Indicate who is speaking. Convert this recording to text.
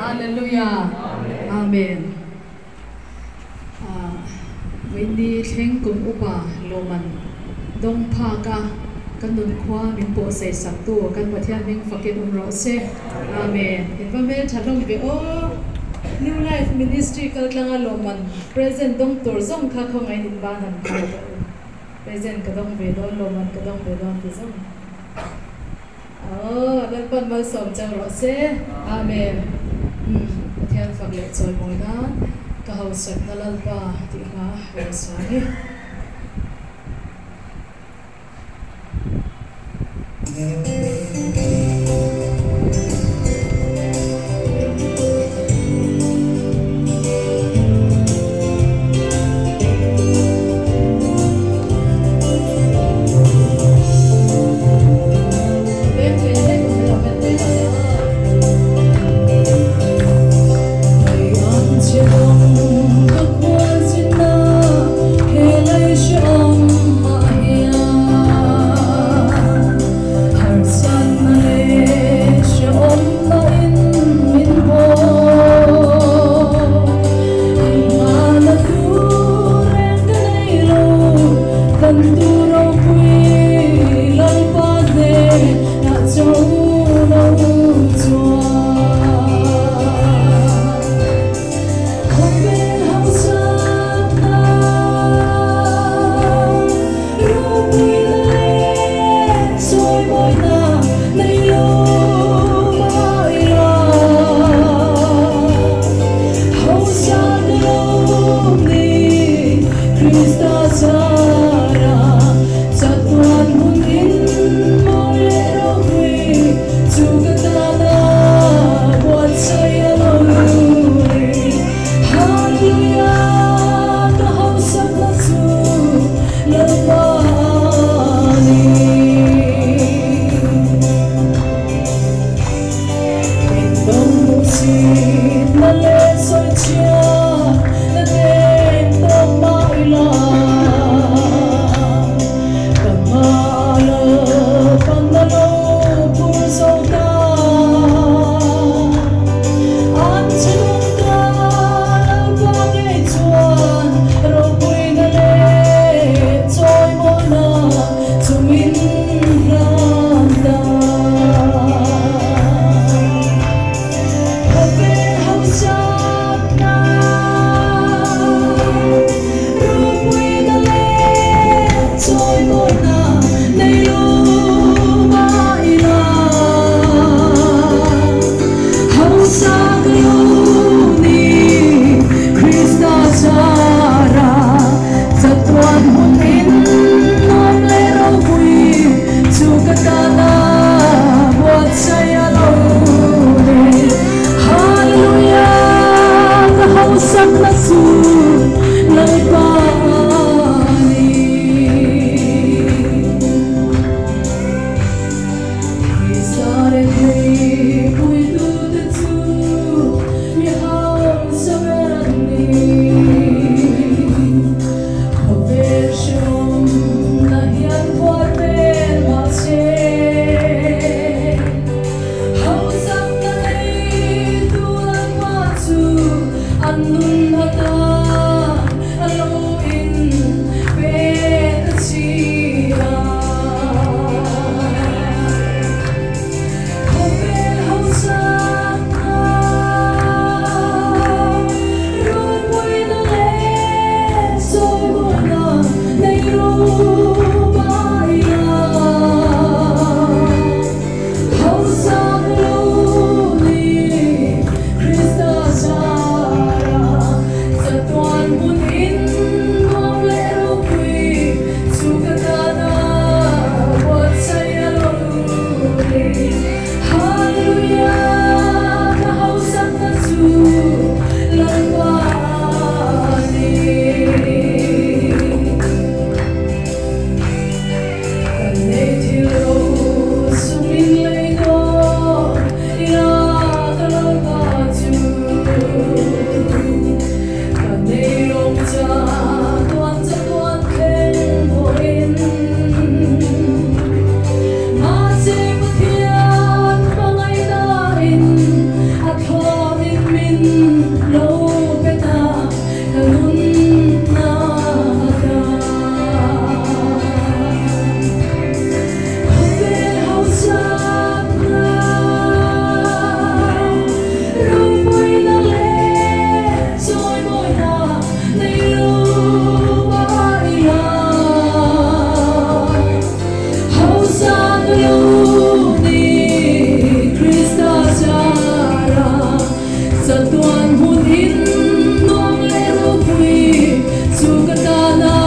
Speaker 1: ฮาเลลูยาอาเมนวินดีเชงกุมอุปาโลมัน ดงพากากันดุนควาบินโปเสสักตัวกันประเทศนิ่งฟักเกตุนรอเซอาเมนเห็นว่าเมทัดลงไปโอ้ New Life Ministry กับลังอาโลมัน Present ดงตัวซ่งค่ะของไอ้หินบ้านนั้น Present กับดงเบดอนโลมันกับดงเบดอนที่ซ่งโอ้แล้วปันมาสมจังรอเซอาเมน嗯，我听佛力在牡丹，过后食得辣花，点下黄沙呢？sắc mắt dù lời bao Yeah. No.